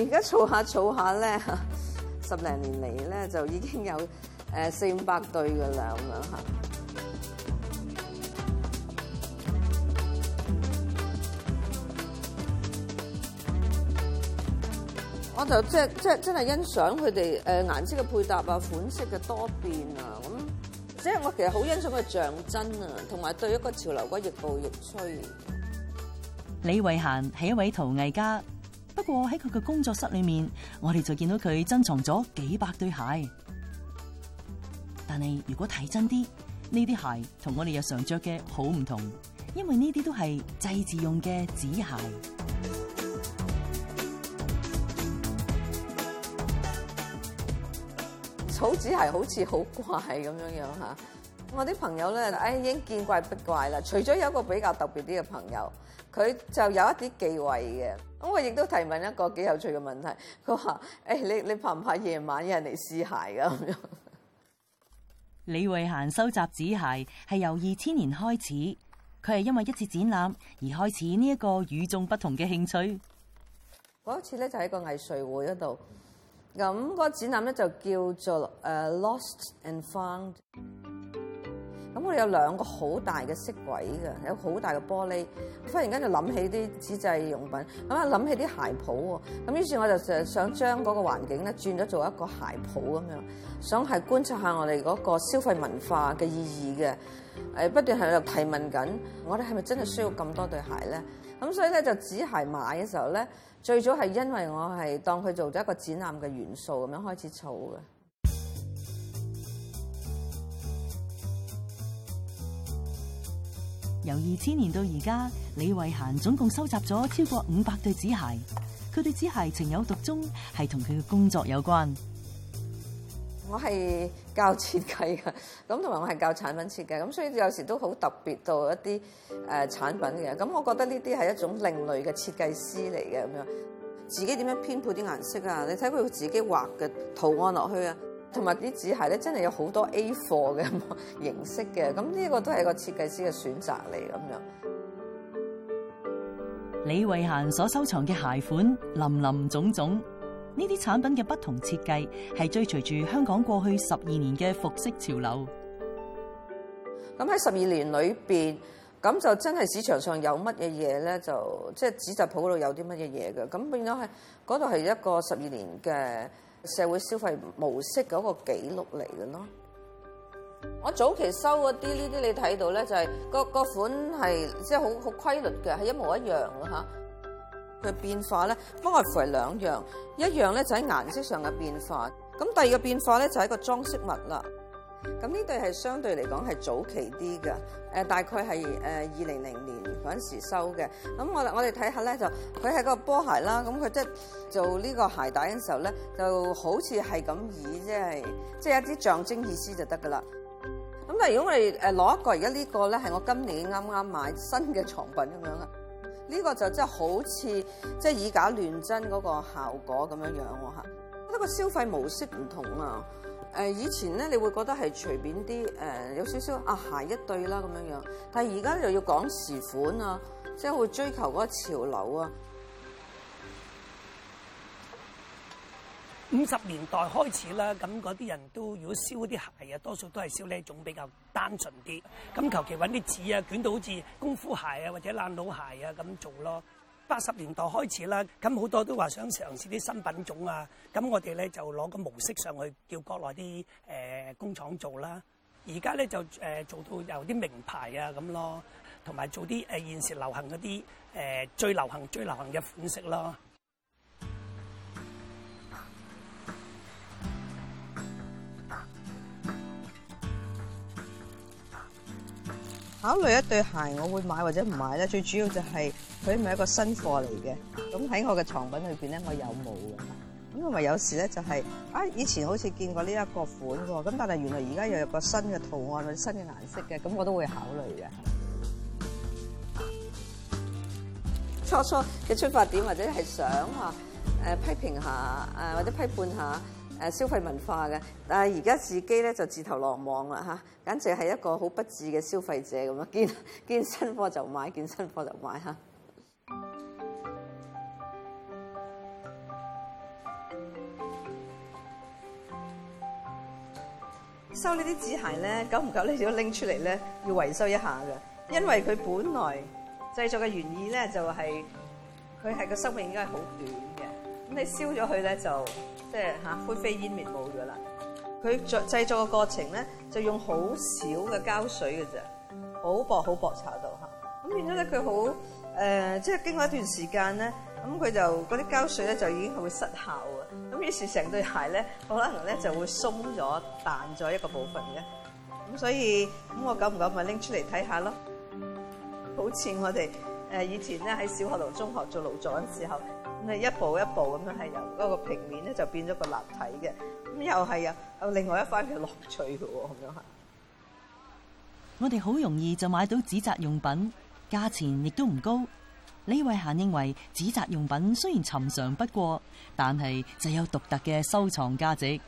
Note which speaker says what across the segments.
Speaker 1: 而家儲下儲下咧，十零年嚟咧就已經有誒四五百對嘅啦，咁樣嚇。我就即係即係真係欣賞佢哋誒顏色嘅配搭啊，款式嘅多變啊，咁即係我其實好欣賞佢象真啊，同埋對一個潮流嘅亦步亦趨。
Speaker 2: 李慧嫻係一位陶藝家。不過喺佢嘅工作室裏面，我哋就見到佢珍藏咗幾百對鞋。但係如果睇真啲，呢啲鞋同我哋日常着嘅好唔同，因為呢啲都係祭祀用嘅紙鞋。
Speaker 1: 草紙鞋好似好怪咁樣樣吓，我啲朋友咧，唉已經見怪不怪啦。除咗有一個比較特別啲嘅朋友。佢就有一啲忌諱嘅，咁我亦都提問一個幾有趣嘅問題。佢話：誒、哎，你你怕唔怕夜晚有人嚟試鞋㗎？咁樣。
Speaker 2: 李慧嫻收集紙鞋係由二千年開始，佢係因為一次展覽而開始呢一個與眾不同嘅興趣。
Speaker 1: 嗰次咧就喺個藝術會度，咁、那、嗰個展覽咧就叫做誒 Lost and Found。咁我哋有兩個好大嘅色櫃嘅，有好大嘅玻璃。忽然間就諗起啲紙製用品，咁啊諗起啲鞋鋪喎。咁於是我就成日想將嗰個環境咧轉咗做一個鞋鋪咁樣，想係觀察下我哋嗰個消費文化嘅意義嘅。誒不斷喺度提問緊，我哋係咪真係需要咁多對鞋咧？咁所以咧就紙鞋買嘅時候咧，最早係因為我係當佢做咗一個展覽嘅元素咁樣開始做嘅。
Speaker 2: 由二千年到而家，李慧嫻總共收集咗超過五百對紙鞋。佢對紙鞋情有獨鍾，係同佢嘅工作有關。
Speaker 1: 我係教設計嘅，咁同埋我係教產品設計，咁所以有時都好特別到一啲誒產品嘅。咁我覺得呢啲係一種另類嘅設計師嚟嘅咁樣，自己點樣編配啲顏色啊？你睇佢自己畫嘅圖案落去啊！同埋啲紙鞋咧，真係有好多 A 貨嘅形式嘅，咁呢個都係個設計師嘅選擇嚟咁樣。
Speaker 2: 李慧嫻所收藏嘅鞋款林林種種，呢啲產品嘅不同設計係追隨住香港過去十二年嘅服飾潮流。
Speaker 1: 咁喺十二年裏邊，咁就真係市場上有乜嘢嘢咧？就即係紙紮鋪度有啲乜嘢嘢嘅。咁變咗係嗰度係一個十二年嘅社會消費模式嗰個記錄嚟嘅咯，我早期收嗰啲呢啲你睇到咧，就係各個款係即係好好規律嘅，係一模一樣嘅嚇。佢變化咧，不外乎係兩樣，一樣咧就喺顏色上嘅變化，咁第二個變化咧就係個裝飾物啦。咁呢對係相對嚟講係早期啲嘅，大概係誒二零零年嗰陣時收嘅。咁我我哋睇下咧，就佢係個波鞋啦。咁佢即係做呢個鞋帶嘅時候咧，就好似係咁以即係即係一啲象徵意思就得噶啦。咁但係如果我哋攞一個而家呢個咧，係我今年啱啱買新嘅藏品咁樣啊。呢個就真係好似即係以假亂真嗰個效果咁樣樣喎嚇。覺得個消費模式唔同啊。誒以前咧，你會覺得係隨便啲，誒有少少啊鞋一對啦咁樣樣，但係而家又要講時款啊，即係會追求嗰個潮流啊。
Speaker 2: 五十年代開始啦，咁嗰啲人都如果燒啲鞋啊，多數都係燒呢種比較單純啲，咁求其揾啲紙啊，捲到好似功夫鞋啊或者爛佬鞋啊咁做咯。八十年代開始啦，咁好多都話想嘗試啲新品種啊，咁我哋呢就攞個模式上去叫國內啲誒工廠做啦。而家呢就誒做到有啲名牌啊咁咯，同埋做啲誒現時流行嗰啲誒最流行、最流行嘅款式咯。
Speaker 1: 考慮一對鞋，我會買或者唔買呢，最主要就係。佢唔係一個新貨嚟嘅，咁喺我嘅藏品裏邊咧，我有冇嘅咁？我咪有時咧就係、是、啊，以前好似見過呢一個款嘅，咁但係原來而家又有個新嘅圖案或者新嘅顏色嘅，咁我都會考慮嘅。初初嘅出發點或者係想話誒批評下誒或者批判下誒消費文化嘅，但係而家自己咧就自投羅網啦嚇，簡直係一個好不智嘅消費者咁啊！見見新貨就買，見新貨就買嚇。收呢啲紙鞋咧，久唔久咧要拎出嚟咧，要維修一下嘅。因為佢本來製作嘅原意咧就係佢係個生命應該係好短嘅，咁你燒咗佢咧就即係吓灰飛煙滅冇咗啦。佢製製作嘅過程咧就用好少嘅膠水嘅啫，好薄好薄搽到吓咁變咗咧佢好誒即係經過一段時間咧，咁佢就啲膠水咧就已經係會失效啊。於是成對鞋咧，可能咧就會鬆咗、彈咗一個部分嘅。咁所以咁我敢唔敢咪拎出嚟睇下咯？好似我哋誒以前咧喺小學同中學做勞作嗰陣時候，咁啊一步一步咁樣係由嗰個平面咧就變咗個立體嘅。咁又係啊，有另外一番嘅樂趣嘅喎，咁樣係。
Speaker 2: 我哋好容易就買到紙紮用品，價錢亦都唔高。李慧嫻認為紙紮用品雖然尋常不過，但係就有獨特嘅收藏價值。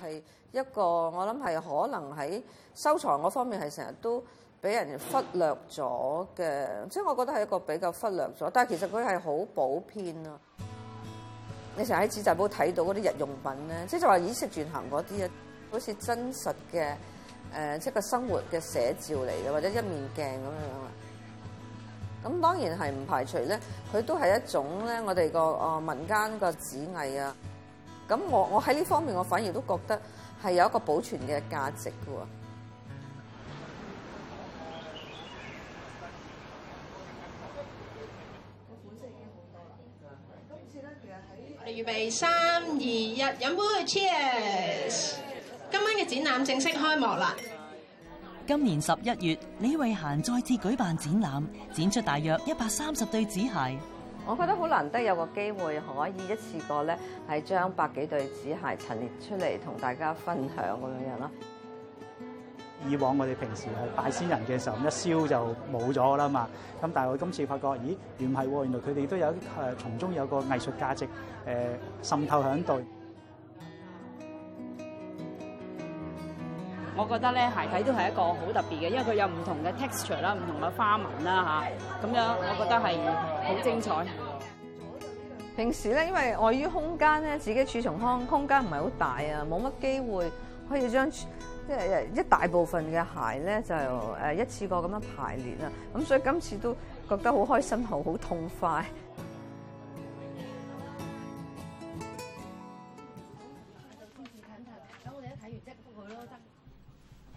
Speaker 1: 係一個我諗係可能喺收藏嗰方面係成日都俾人忽略咗嘅， 即係我覺得係一個比較忽略咗。但係其實佢係好普遍啊。你成日喺紙紮鋪睇到嗰啲日用品咧，即係就話衣食住行嗰啲啊，好似真實嘅誒、呃，即係個生活嘅寫照嚟嘅，或者一面鏡咁樣啊。咁當然係唔排除咧，佢都係一種咧，我哋個哦民間個紙藝啊。咁我我喺呢方面，我反而都覺得係有一個保存嘅價值嘅喎、啊。個款式已經好多啦。今次咧，其實喺我哋預備三二一，飲杯 Cheers，今晚嘅展覽正式開幕啦！
Speaker 2: 今年十一月，李慧嫻再次舉辦展覽，展出大約一百三十對紙鞋。
Speaker 1: 我覺得好難得有個機會，可以一次過咧係將百幾對紙鞋陳列出嚟，同大家分享咁樣樣咯。
Speaker 3: 以往我哋平時係拜先人嘅時候，一燒就冇咗啦嘛。咁但係我今次發覺，咦，原唔係喎，原來佢哋都有誒、呃，從中有個藝術價值誒，滲、呃、透喺度。
Speaker 2: 我覺得咧鞋體都係一個好特別嘅，因為佢有唔同嘅 texture 啦、唔同嘅花紋啦吓，咁、啊、樣我覺得係好精彩。
Speaker 1: 平時咧，因為礙於空間咧，自己儲藏嘅空間唔係好大啊，冇乜機會可以將即係、就是、一大部分嘅鞋咧就誒一次過咁樣排列啦。咁所以今次都覺得好開心，好好痛快。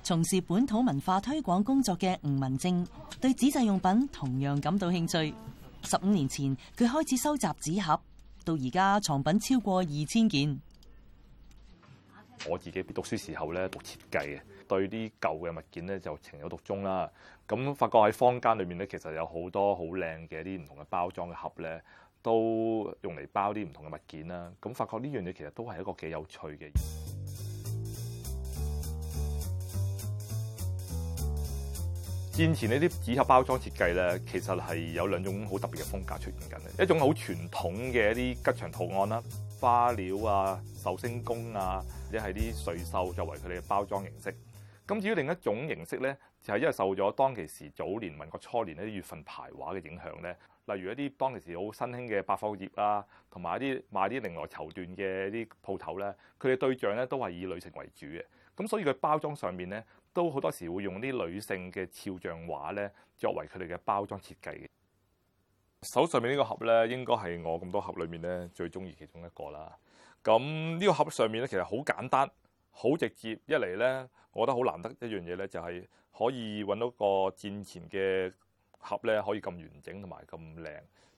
Speaker 2: 從事本土文化推廣工作嘅吳文正對紙製用品同樣感到興趣。十五年前，佢開始收集紙盒，到而家藏品超過二千件。
Speaker 4: 我自己讀書時候咧讀設計嘅，對啲舊嘅物件咧就情有獨鍾啦。咁發覺喺坊間裏面咧，其實有好多好靚嘅啲唔同嘅包裝嘅盒咧，都用嚟包啲唔同嘅物件啦。咁發覺呢樣嘢其實都係一個幾有趣嘅。戰前呢啲紙盒包裝設計呢，其實係有兩種好特別嘅風格出現緊嘅，一種好傳統嘅一啲吉祥圖案啦、花鳥啊、壽星公啊，或者係啲瑞獸作為佢哋嘅包裝形式。咁至於另一種形式呢，就係、是、因為受咗當其時早年民國初年呢啲月份牌畫嘅影響呢，例如一啲當其時好新興嘅百貨業啦、啊，同埋一啲賣啲綾羅綢緞嘅啲鋪頭呢，佢哋對象呢都係以女性為主嘅，咁所以佢包裝上面呢。都好多時會用啲女性嘅肖像畫咧，作為佢哋嘅包裝設計嘅。手上面呢個盒咧，應該係我咁多盒裡面咧最中意其中一個啦。咁、嗯、呢、這個盒上面咧，其實好簡單、好直接。一嚟咧，我覺得好難得一樣嘢咧，就係、是、可以揾到個戰前嘅盒咧，可以咁完整同埋咁靚。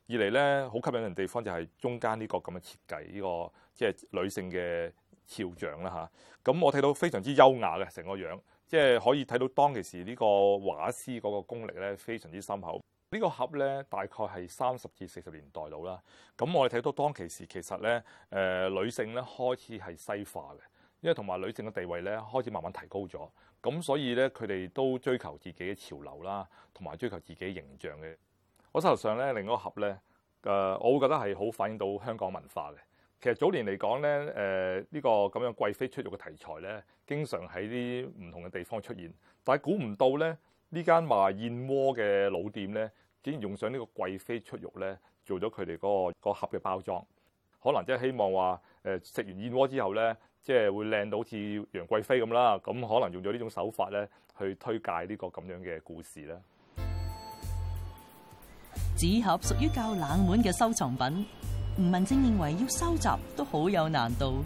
Speaker 4: 二嚟咧，好吸引人地方就係中間呢個咁嘅設計，呢、這個即係、就是、女性嘅肖像啦。嚇、啊，咁、嗯、我睇到非常之優雅嘅成個樣。即係可以睇到當其時呢個畫師嗰個功力呢，非常之深厚。呢個盒呢，大概係三十至四十年代到啦。咁我哋睇到當其時其實呢，誒女性呢開始係西化嘅，因為同埋女性嘅地位呢開始慢慢提高咗。咁所以呢，佢哋都追求自己嘅潮流啦，同埋追求自己嘅形象嘅。我手頭上呢，另一個盒呢，誒我會覺得係好反映到香港文化嘅。其實早年嚟講咧，誒、這、呢個咁樣貴妃出浴嘅題材咧，經常喺啲唔同嘅地方出現。但係估唔到咧，呢間賣燕窩嘅老店咧，竟然用上呢個貴妃出浴，咧，做咗佢哋嗰個盒嘅包裝。可能即係希望話，誒食完燕窩之後咧，即係會靚到好似楊貴妃咁啦。咁可能用咗呢種手法咧，去推介呢個咁樣嘅故事啦。
Speaker 2: 紙盒屬於較冷門嘅收藏品。吳文正認為要收集都好有難度，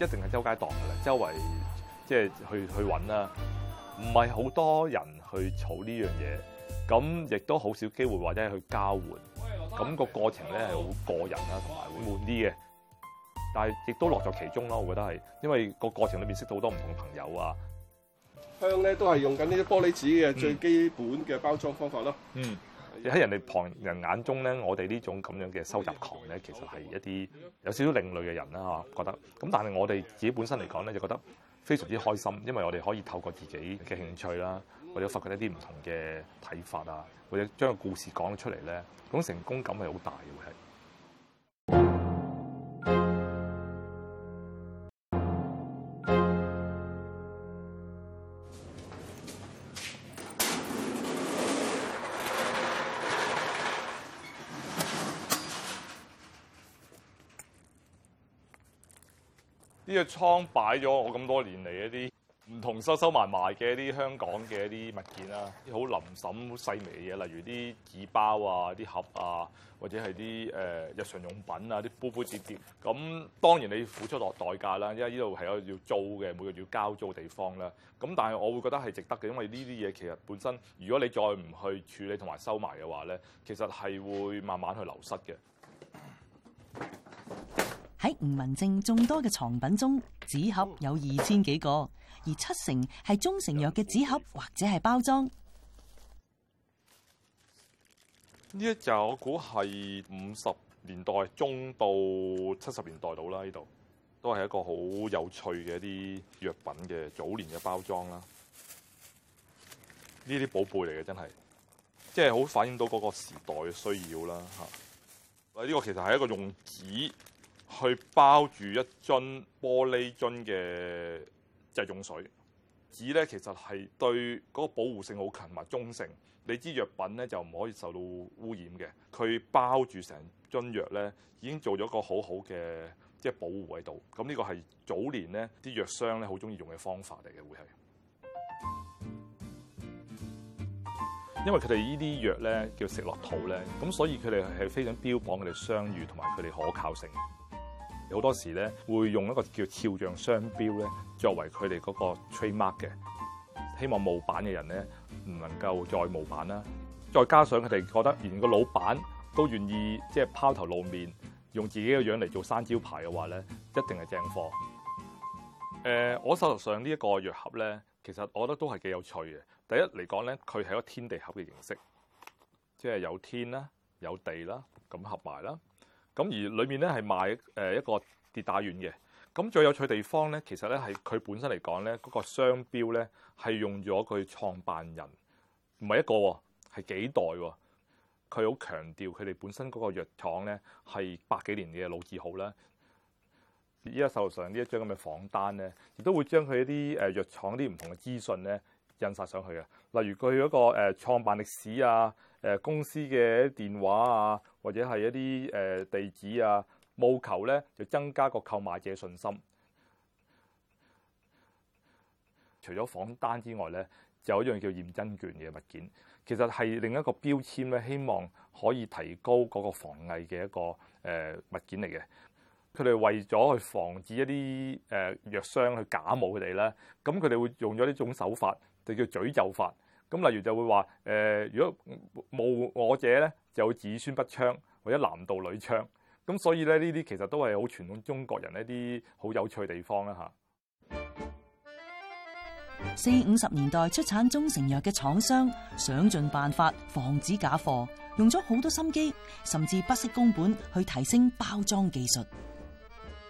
Speaker 4: 一定係周街蕩嘅啦，周圍即係去去揾啦，唔係好多人去儲呢樣嘢，咁亦都好少機會或者去交換，咁個過程咧係好個人啦，同埋會悶啲嘅，但係亦都樂在其中咯，我覺得係，因為個過程裏面識到好多唔同朋友啊，香咧都係用緊呢啲玻璃紙嘅、嗯、最基本嘅包裝方法咯，嗯。喺人哋旁人眼中咧，我哋呢種咁樣嘅收集狂咧，其實係一啲有少少另類嘅人啦嚇。覺得咁，但係我哋自己本身嚟講咧，就覺得非常之開心，因為我哋可以透過自己嘅興趣啦，或者發掘一啲唔同嘅睇法啊，或者將個故事講出嚟咧，嗰種成功感係好大嘅，係。呢個倉擺咗我咁多年嚟一啲唔同收收埋埋嘅一啲香港嘅一啲物件啦，啲好臨審好細微嘅嘢，例如啲紙包啊、啲盒啊，或者係啲誒日常用品啊、啲煲煲罉罉。咁當然你付出落代價啦，因為呢度係有要租嘅，每個月要交租嘅地方啦。咁但係我會覺得係值得嘅，因為呢啲嘢其實本身，如果你再唔去處理同埋收埋嘅話咧，其實係會慢慢去流失嘅。
Speaker 2: 喺吳文正眾多嘅藏品中，紙盒有二千幾個，而七成係中成藥嘅紙盒或者係包裝。
Speaker 4: 呢一就我估係五十年代中到七十年代到啦，呢度都係一個好有趣嘅一啲藥品嘅早年嘅包裝啦。呢啲寶貝嚟，嘅真係，即係好反映到嗰個時代嘅需要啦。吓，呢個其實係一個用紙。去包住一樽玻璃樽嘅即係用水紙咧，其實，係對嗰個保護性好勤密中性，你知藥品咧就唔可以受到污染嘅，佢包住成樽藥咧已經做咗個好好嘅即係保護喺度。咁、嗯、呢、這個係早年咧啲藥商咧好中意用嘅方法嚟嘅，會係因為佢哋呢啲藥咧叫食落肚咧，咁所以佢哋係非常標榜佢哋商譽同埋佢哋可靠性。好多時咧會用一個叫肖像商標咧作為佢哋嗰個 trademark 嘅，希望冒版嘅人咧唔能夠再冒版啦。再加上佢哋覺得連個老闆都願意即係拋頭露面，用自己嘅樣嚟做生招牌嘅話咧，一定係正貨。誒，我手頭上呢一個藥盒咧，其實我覺得都係幾有趣嘅。第一嚟講咧，佢係一個天地盒嘅形式，即係有天啦，有地啦，咁合埋啦。咁而裏面咧係賣一個跌打丸嘅。咁最有趣嘅地方咧，其實咧係佢本身嚟講咧，嗰個商標咧係用咗佢創辦人，唔係一個，係幾代。佢好強調佢哋本身嗰個藥廠咧係百幾年嘅老字號啦。依家手上呢一張咁嘅房單咧，亦都會將佢一啲誒藥廠啲唔同嘅資訊咧印曬上去嘅。例如佢嗰個誒創辦歷史啊。誒公司嘅電話啊，或者係一啲誒地址啊，務求咧就增加個購買者信心。除咗仿單之外咧，就有一樣叫驗真券嘅物件，其實係另一個標籤咧，希望可以提高嗰個防偽嘅一個誒物件嚟嘅。佢哋為咗去防止一啲誒藥商去假冒佢哋咧，咁佢哋會用咗呢種手法，就叫詛咒法。咁例如就會話誒，如果冇我者咧，就有「子孫不昌或者男道女娼」。咁所以咧，呢啲其實都係好傳統中國人一啲好有趣地方啦嚇。
Speaker 2: 四五十年代出產中成藥嘅廠商，想盡辦法防止假貨，用咗好多心機，甚至不惜工本去提升包裝技術。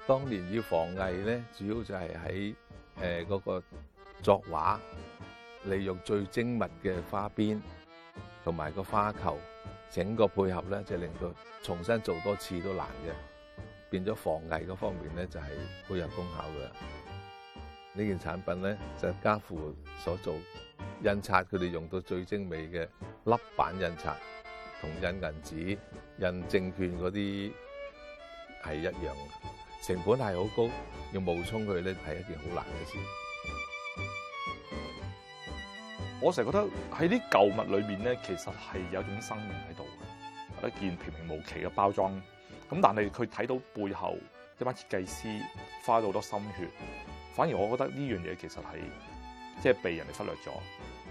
Speaker 4: 當年要防偽咧，主要就係喺誒嗰個作畫。利用最精密嘅花邊同埋個花球，整個配合咧就令到重新做多次都難嘅，變咗防偽嗰方面咧就係好有功效嘅。呢件產品咧，實家父所做印刷，佢哋用到最精美嘅凹版印刷同印銀紙、印證券嗰啲係一樣，成本係好高，要冒充佢咧係一件好難嘅事。我成日覺得喺啲舊物裏面咧，其實係有一種生命喺度嘅。一件平平無奇嘅包裝，咁但係佢睇到背後一班設計師花咗好多心血，反而我覺得呢樣嘢其實係即係被人哋忽略咗。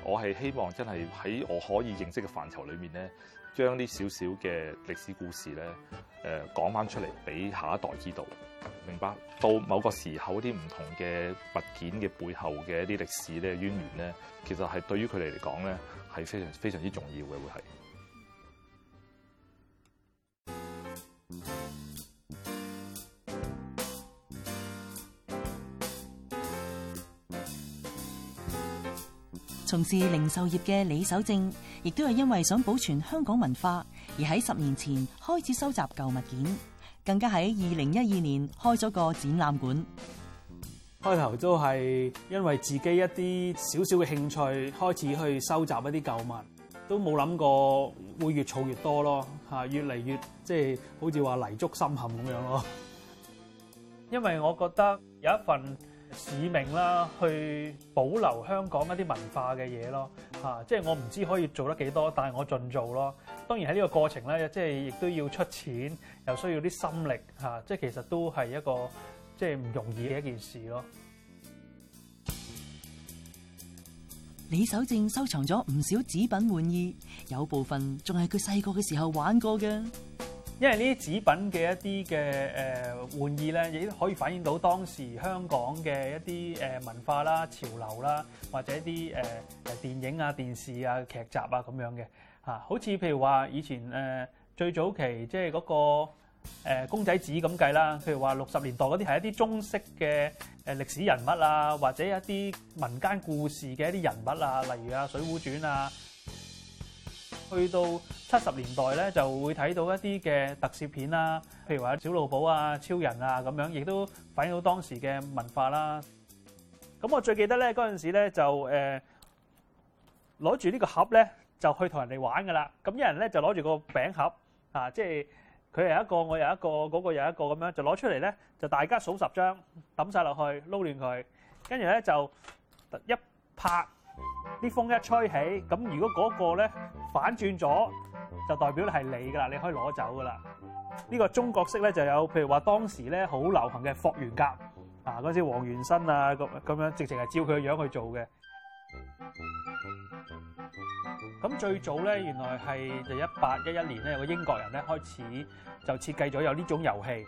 Speaker 4: 我係希望真係喺我可以認識嘅範疇裏面咧，將呢少少嘅歷史故事咧誒講翻出嚟俾下一代知道。明白到某個時候，啲唔同嘅物件嘅背後嘅一啲歷史咧、淵源咧，其實，係對於佢哋嚟講咧，係非常非常之重要嘅，會係。
Speaker 2: 從事零售業嘅李守正，亦都係因為想保存香港文化，而喺十年前開始收集舊物件。更加喺二零一二年開咗個展覽館。
Speaker 3: 開頭都係因為自己一啲少少嘅興趣，開始去收集一啲舊物，都冇諗過會越儲越多咯。吓，越嚟越即係、就是、好似話泥足深陷咁樣咯。因為我覺得有一份使命啦，去保留香港一啲文化嘅嘢咯。啊，即係我唔知可以做得幾多，但係我盡做咯。當然喺呢個過程咧，即係亦都要出錢，又需要啲心力嚇、啊。即係其實都係一個即係唔容易嘅一件事咯。
Speaker 2: 李守正收藏咗唔少紙品玩意，有部分仲係佢細個嘅時候玩過嘅。
Speaker 3: 因為呢啲紙品嘅一啲嘅誒玩意咧，亦都可以反映到當時香港嘅一啲誒文化啦、潮流啦，或者一啲誒、呃、電影啊、電視啊、劇集啊咁樣嘅嚇、啊。好似譬如話以前誒、呃、最早期即係嗰個、呃、公仔紙咁計啦，譬如話六十年代嗰啲係一啲中式嘅誒歷史人物啊，或者一啲民間故事嘅一啲人物啊，例如啊《水滸傳》啊。去到七十年代咧，就會睇到一啲嘅特攝片啦，譬如話小老虎啊、超人啊咁樣，亦都反映到當時嘅文化啦。咁我最記得咧，嗰陣時咧就誒攞住呢個盒咧，就去同人哋玩噶啦。咁啲人咧就攞住個餅盒啊，即係佢有一個，我有一個，嗰個有一個咁樣，就攞出嚟咧，就大家數十張抌晒落去，撈亂佢，跟住咧就一拍。啲風一吹起，咁如果嗰個咧反轉咗，就代表係你噶啦，你可以攞走噶啦。呢個中國式咧就有，譬如話當時咧好流行嘅霍元甲啊，嗰啲黃元申啊咁咁樣，直情係照佢嘅樣去做嘅。咁最早咧，原來係就一八一一年咧，有個英國人咧開始就設計咗有呢種遊戲。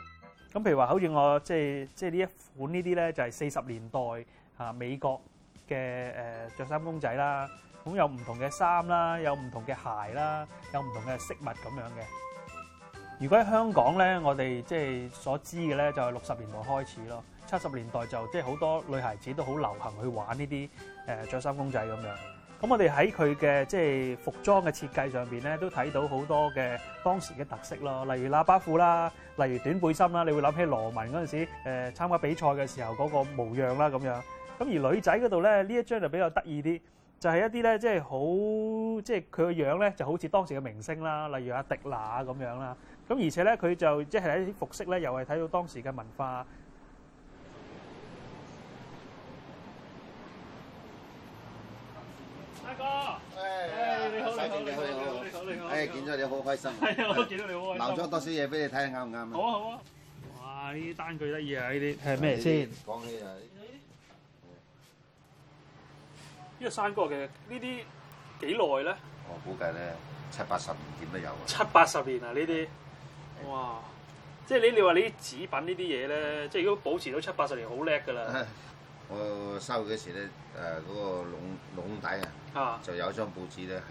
Speaker 3: 咁譬如話好似我即係即係呢一款呢啲咧，就係四十年代啊美國。嘅誒著衫公仔啦，咁有唔同嘅衫啦，有唔同嘅鞋啦，有唔同嘅飾物咁樣嘅。如果喺香港咧，我哋即係所知嘅咧，就係六十年代開始咯，七十年代就即係好多女孩子都好流行去玩呢啲誒著衫公仔咁樣。咁我哋喺佢嘅即係服裝嘅設計上邊咧，都睇到好多嘅當時嘅特色咯，例如喇叭褲啦，例如短背心啦，你會諗起羅文嗰陣時誒參加比賽嘅時候嗰個模樣啦，咁樣。咁而女仔嗰度咧，呢一張就比較得意啲，就係一啲咧，即係好，即係佢個樣咧，就好似當時嘅明星啦，例如阿迪娜咁樣啦。咁而且咧，佢就即係喺啲服飾咧，又係睇到當時嘅文化。大哥，誒你好你好你好你好你好，誒見咗你好開心。係啊，見到你好開心。留咗多少嘢俾你睇下，啱唔啱啊？好啊好啊！哇，呢啲單據得意啊！呢啲係咩先？講起啊～呢個山哥嘅呢啲幾耐咧？
Speaker 2: 我估計咧七八十年點都有。啊。
Speaker 3: 七八十年啊！呢啲是哇，即係你你話你紙品這些東西呢啲嘢咧，即係如果保持到七八十年好叻㗎啦。我收嘅時咧，誒、呃、嗰、那個籠籠底啊，就有一張報紙咧係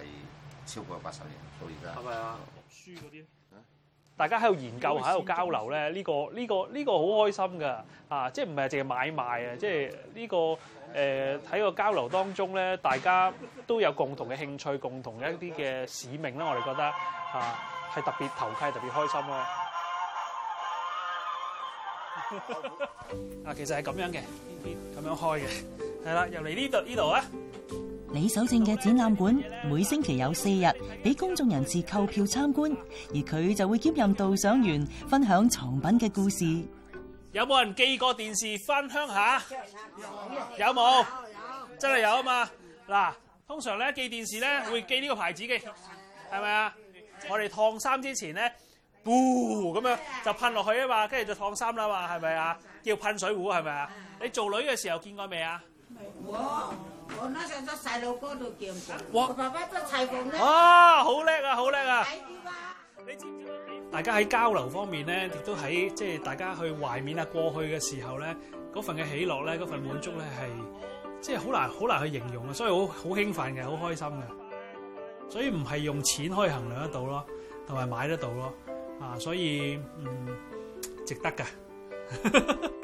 Speaker 3: 超過八十年到而家。係咪啊？讀書嗰啲，啊、大家喺度研究喺度交流咧，呢、這個呢、這個呢、這個好開心㗎啊！即係唔係淨係買賣啊？的即係呢、這個。誒，喺個交流當中咧，大家都有共同嘅興趣，共同嘅一啲嘅使命啦。我哋覺得啊，係特別投契，特別開心咯。
Speaker 1: 啊，其實係咁樣嘅，
Speaker 3: 邊邊咁樣開嘅，係啦，又嚟呢度呢度啊。
Speaker 2: 李守正嘅展覽館每星期有四日俾公眾人士購票參觀，而佢就會兼任導賞員，分享藏品嘅故事。
Speaker 3: 有冇人寄過電視翻鄉下？有冇？有有有有有，真係有啊嘛！嗱，通常咧寄電視咧會寄呢個牌子嘅，係咪啊？是是的我哋燙衫之前咧，噗咁的樣就噴落去啊嘛，跟住就燙衫啦嘛，係咪啊？叫噴水壺係咪啊？你做女嘅時候見過未啊？
Speaker 1: 我都我嗱上咗細路哥度見過，我爸爸都柴火咩？哦、啊，好叻啊，好叻啊！
Speaker 3: 大家喺交流方面咧，亦都喺即係大家去懷緬啊過去嘅時候咧，嗰份嘅喜樂咧，嗰份滿足咧係即係好難好難去形容嘅，所以好好興奮嘅，好開心嘅，所以唔係用錢可以衡量得到咯，同埋買得到咯啊，所以嗯，值得噶。